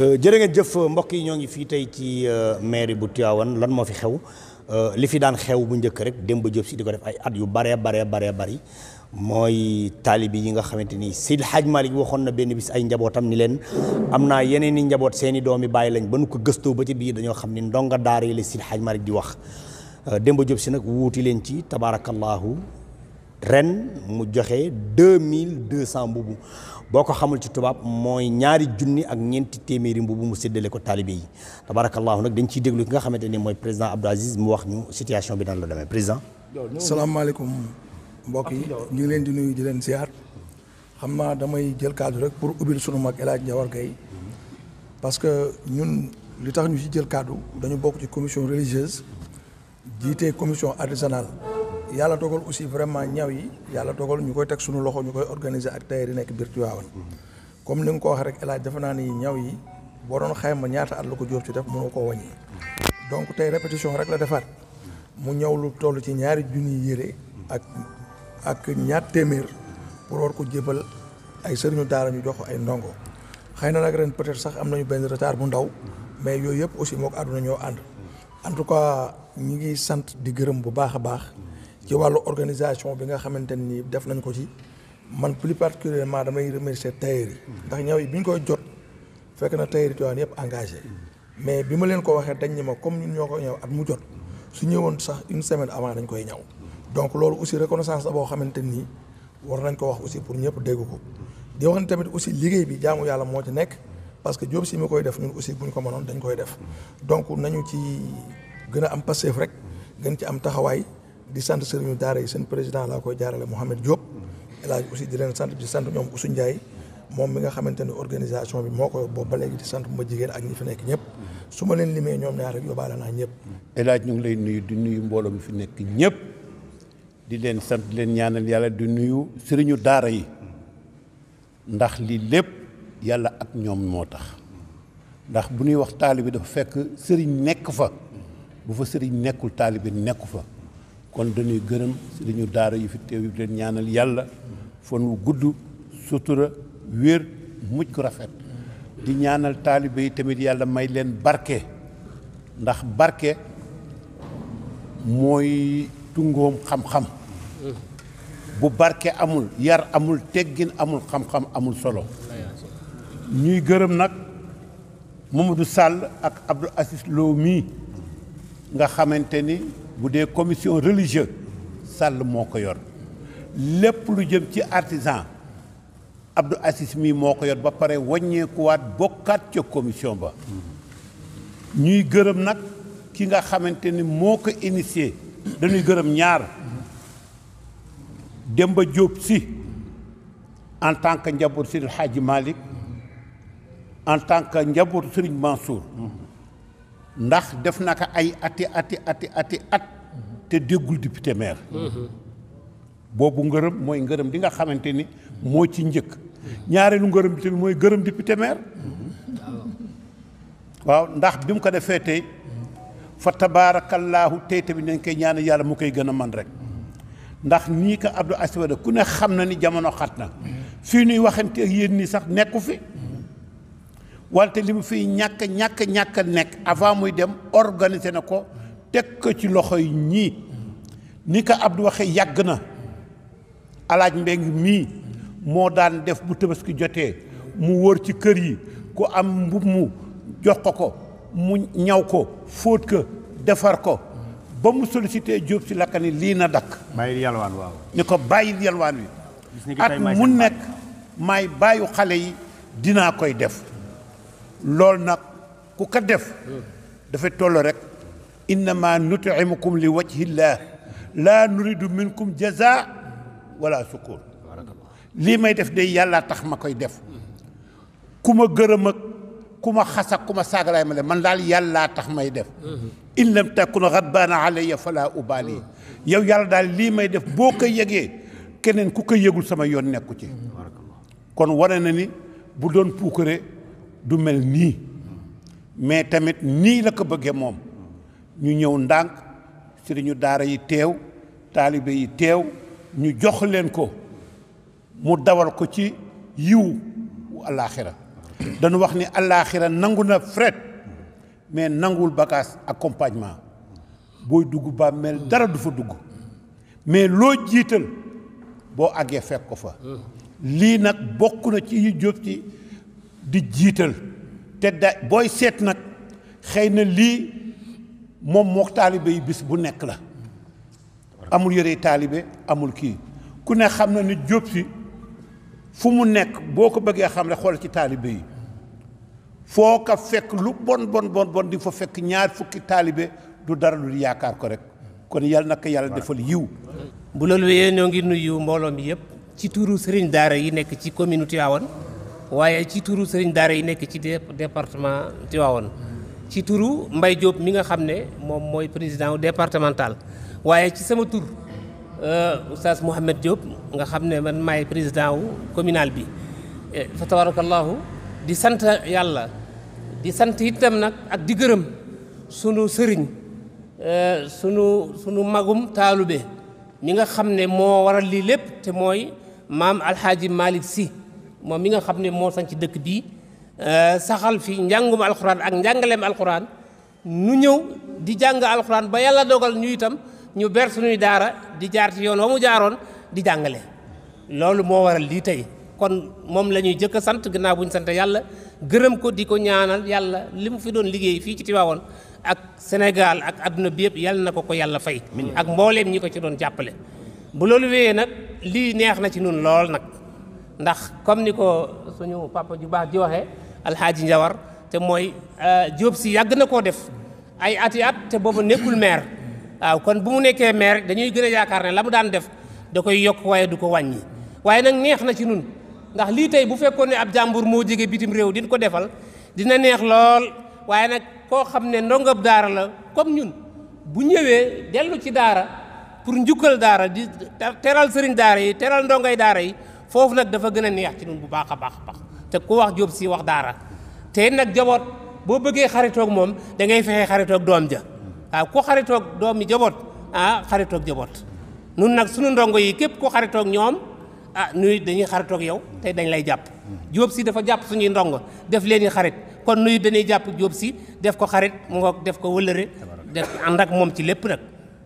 Euh, jërë ngeen jëf mbokk yi ñoo ngi fii tey ci euh, mairie bu Tivaouane lan moo fi xew euh, li fi daan xew bu njëkk rek Demba Diop Sy di ko def ay at yu baree baree baree bari mooy taalibi yi nga xamante ni Seydi Hadj Malick waxoon na benn bis ay njabootam ni leen am naa yeneen i njaboot seen i doom yi bàyyi lañ ba nu ko gëstoo ba ci biir dañoo xam ni ndonga daara yi la Seydi Hadj Malick di wax Demba Diop Sy nag wuuti leen ci tabaarakallaahu ren mu joxe deux mille deux cent mbubu boo ko xamul ci tubaab mooy ñaari junni ak ñeenti téeméeri mbubu mu séddale ko taalibe yi tabarakallahu nag dañ ciy déglu ki nga xamante ni mooy président Abdou Aziz mu wax ñu situation bi nan la demee président. salaamaaleykum mbokk yi ñu ngi leen di nuyu di leen ziar xam naa damay jël kaddu rek pour ubbil sunu mag El Hadj Ndiawar Gueye parce que ñun li tax ñu ci jël kaddu dañu bokk ci commission religieuse jiite commission artisanale. yàlla dogal aussi vraiment ñaw yi yàlla dogal ñu koy teg suñu loxo ñu koy organiser ak tailleur yi nekk biir Tivaouane comme ni nga ko waxee rek El ni ñaw yi boo doon ñaata at la ko jóob ci def mënoo ko wàññi donc tey répétition rek la defaat mu ñaw lu toll ci ñaari junni yére ak ak ñaar téeméer pour war ko jébal ay sëriñu daara ñu jox ay ndongo xëy na nag ren peut sax am nañu benn retard bu ndaw mais yooyu yëpp aussi moo ko àdduna ñoo ànd en tout cas ñi ngi sant di gërëm bu baax a baax ci wàllu organisation bi nga xamante nii def nañ ko ci man plus particulièrement damay remercier tailleur ndax ñaw yi bi ñu koy jot fekk na tailleur yi Tivaouane yëpp engagé mais bi ma leen ko waxee dañ ni ma comme ñun ñoo ko ñëw ak mu jot su ñëwoon sax une semaine avant dañ koy ñaw donc loolu aussi reconnaissance la boo xamante nii war nañ ko wax aussi pour ñëpp dégg ko di wax ni tamit aussi liggéey bi jaamu yàlla moo ci nekk parce que job si mi koy def ñun aussi bu ñu ko mënoon dañ koy def donc nañu ci gën a am passif rek gën ci am taxawaay di sant sëriñu daara yi seen président laa koy jaarale Mouhamed Diop El Hadj aussi di leen sant di sant ñoom Ousseynou Ndiaye moom mi nga xamante ne organisation bi moo koy boobu ba léegi di sant ma jigéen ak ñi fi nekk ñëpp su ma leen limee ñoom ñaar rek yóbbaale naa ñëpp. El Hadj ñu ngi lay nuyu di nuyu mbooloo mi fi nekk ñëpp di leen sant leen ñaanal yàlla di nuyu sëriñu daara yi ndax lii lépp yàlla ak ñoom moo tax ndax bu ñuy wax taalibe dafa fekk sëriñ nekk fa bu fa sëriñ nekkul taalibe nekku fa. kon dañuy gërëm sëriñu daara yifit fi leen ñaanal yàlla fan wu gudd sutura wér muj ko rafet di ñaanal taalibe yi tamit yàlla may leen barke ndax barke mooy tungoom xam-xam bu barke amul yar amul teggin amul xam-xam amul solo ñuy gërëm nag Mamadou Sall ak Abdou asis Lo mii nga xamante ni bu des commission religieuses, ça le ko yor lépp lu jëm ci artisan Abdou Assis mii moo ko yor ba pare wàññeekuwaat bokkaat ca commission ba ñuy gërëm nak, ki nga xamante ni initié, ko initié dañuy gërëm ñaar Demba Diop si en tant que njaboot Sëriñ Hadji Malik, en tant que njaboot Sëriñ Mansour ndax def na ko ay ati ati ati ati at te déggul député maire boobu ngërëm mooy ngërëm di nga xamante ni moo ci njëkk ñaareelu ngërëm bi tamit mooy gërëm député waaw ndax bi mu ko defee tey fa tabaarakallaahu tey tamit dañ koy ñaan yàlla mu koy gën a man rek ndax nii ko Abdou Aziz ku ne xam na ni jamono xat na fii nuy waxante ak yéen nii sax nekku fi wante li mu fiy ñàkk ñàkk ñàkk nekk avant muy dem organiser na ko teg ko ci loxo yi ñii ni ko Abdou waxee yàgg na alaaj mbeng mii moo daan def bu ki jotee mu wër ci kër yi ku am mbubb mu jox ko ko mu ñaw ko fóot ko defar ko ba mu sollicité Jóob ci lakka ni lii na dakk bàyyil yalwaan ko bàyyil yalwaan wi at mu nekk may bàyyu xale yi dinaa koy def loolu nag ku ko def dafa toll rek innama nutimukum li wajhillah laa nuridu minkum jaza wala sukur lii may def day yàlla tax ma koy def ku ma gërëm ak ku ma xas ak ku ma saagalaay ma def man daal yàlla tax may def in lam takun rabbaana alayya fala ubaali yow yàlla daal lii may def boo ko yëgee keneen ku ko yëgul sama yoon nekku ci kon wane na ni bu doon puukare du mel nii mais tamit nii la ko bëggee moom ñu ñëw ndànk sëriñu daara yi teew taalibe yi teew ñu jox leen ko mu dawal ko ci yiw alaaxira dañu wax ni alaaxira nangu na fret mais nanguwul bagage accompagnement booy dugg bàmmeel dara du fa dugg mais loo jiital boo àggee fekk ko fa mm. lii nag bokk na ci yu jóg ci di jiital te da booy seet nag xëy na lii moom mook bis bu nek la amul yëre talibé amul ki ku ne xamna ni job fi fu mu nek boko beugé xam la xol ci talibey fo ka fek lu bon bon bon bon di fo fek ñaar fukki talibé du dara lu yaakar ko rek kon yàlla nak yàlla defal yiw bu lolou ye ngi nuyu mbolom mi yëpp ci touru serigne daara yi nek ci communauté awone waaye ci turu sëriñ daara yi nekk ci département Tivaouane ci turu Mbaye Diop mi nga xam ne moom mooy président départemental waaye ci sama tur euh, oustaz Mouhamed Diop nga xam ne man maay président wu communal bi e, fa tabarakallahu di sant yàlla di sant itam nag ak di gërëm sunu sëriñ euh, sunu sunu magum taalube mi nga xam ne moo waral lii lépp te mooy maam alxaaji Malick si moom mi nga xam ne moo sañ ci dëkk bii euh, saxal fi njàngum alxuraan ak njàngaleem alxuraan nu ñëw di jàng alxuraan ba yàlla dogal ñu itam ñu ber suñuy daara di jaar ci yoon wa mu jaaroon di jàngale loolu moo waral lii tey kon moom lañuy ñuy a sant gannaaw buñ ñu sant yàlla gërëm ko di ko ñaanal yàlla li mu fi doon liggéey fii ci Tiwaawoon ak Sénégal ak àdduna bi yëpp yàlla na ko ko yàlla fay ak mbooleem ñi ko ci doon jàppale bu loolu wéyee nag lii neex na ci nun lool nag ndax comme ni ko suñu papa ju baax di waxee alxaaji Njawar te mooy euh, Jóob si yàgg na koo def ay ati at te boobu nekkul maire waaw kon bu mu nekkee maire dañuy gën a yaakaar ne la mu daan def da koy yokk waaye du ko wàññi waaye nag neex na ci nun ndax lii tey bu fekkoon ne ab jàmbur moo jege bitim réew din ko defal dina neex lool waaye nag koo xam ne ndongab daara la comme ñun bu ñëwee dellu ci daara pour njukkal daara di teral sëriñ daara yi teral ndongay daara yi foofu nag dafa gën a neex ci ñun bu baax a baax a baax te ku wax Jóob si wax daara te nag jaboot boo bëggee xaritoog moom da ngay fexe xaritoog doom ja waaw ku xaritoog doom yi jaboot ah xaritoog jaboot nun nag suñu ndongo yi képp ku xaritoog ñoom ah nuy dañuy xaritoog yow tey dañ lay jàpp Jóob si dafa jàpp suñuy ndongo def leen xarit kon nuy dañuy jàpp Jóob si def ko xarit mu def ko wëlëre def ànd ak moom ci lépp nag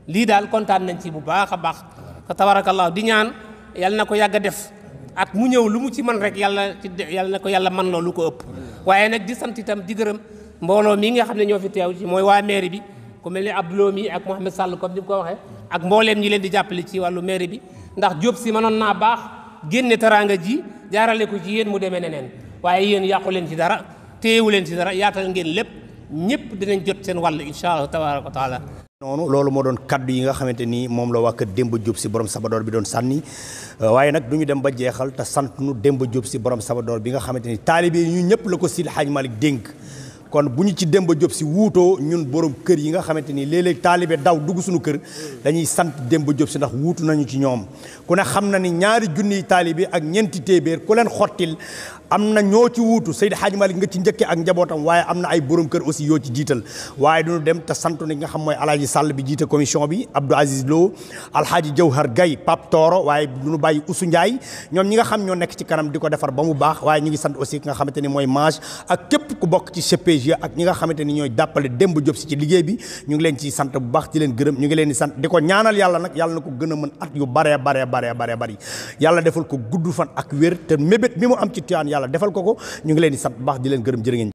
lii daal kontaan nañ ci bu baax a baax tabarakallaahu di ñaan yàlla na ko yàgg a def at mu ñëw lu mu ci man rek yàlla ci yàlla na ko yàlla man loolu ko ëpp waaye nag di sant itam di gërëm mbooloo mii nga xam ne ñoo fi teew ci mooy waa mairie bi ku mel ne loom mi ak Mouhamed Sall comme ni mu ko waxee ak mbooleem ñi leen di jàppale ci wàllu mairie bi ndax Diop si manoon naa baax génne teraanga ji jaarale ko ci yéen mu demee neneen waaye yéen yàqu leen ci dara téyewu leen ci dara yaatal ngeen lépp ñëpp dinañ jot seen wàll incha allah tabaaraka wa taala noonu loolu moo doon kaddu yi nga xamante ni moom la waa kër Demba Diop si borom sabadoor bi doon sànni euh, waaye nag du dem ba jeexal sant nu Demba Diop si borom sabadoor bi nga xamante ni taalibe yi ñu ñëpp la ko si Hadji malik dénk kon bu ñu ci Demba Diop si wuutoo ñun borom kër yi nga xamante ni léeg-léeg taalibe daw dugg suñu kër dañuy sant Demba Diop si ndax wuutu nañu ci ñoom ku ne xam na ni ñaari junniy taalibe ak ñeenti téeméer ku leen xottil am na ñoo ci wuutu Seydi Hadji Malick nga ci njëkke ak njabootam waaye am na ay borom kër aussi yoo ci jiital waaye duñu dem te santu ni nga xam mooy alaaji Sall bi jiite commission bi Abdou Aziz Lo alhaaji Jawhar Gaye Pape Tooro waaye nu bàyyi Usu Ndiaye ñoom ñi nga xam ñoo nekk ci kanam di ko defar ba mu baax waaye ñu ngi sant aussi ki nga xamante ni mooy mange ak képp ku bokk ci CPG ak ñi nga xamante ni ñooy jàppale Demba Diop si ci liggéey bi ñu ngi leen ci sant bu baax di leen gërëm ñu ngi leen di sant di ko ñaanal yàlla nag yàlla ko gën a mën at yu bare bare bare bare bari yàlla defal ko gudd fan ak wér te mébét mi mu am ci Tiwaawan yalla defal ko ko ñu ngi leen di sant baax di leen gërëm jërëngeen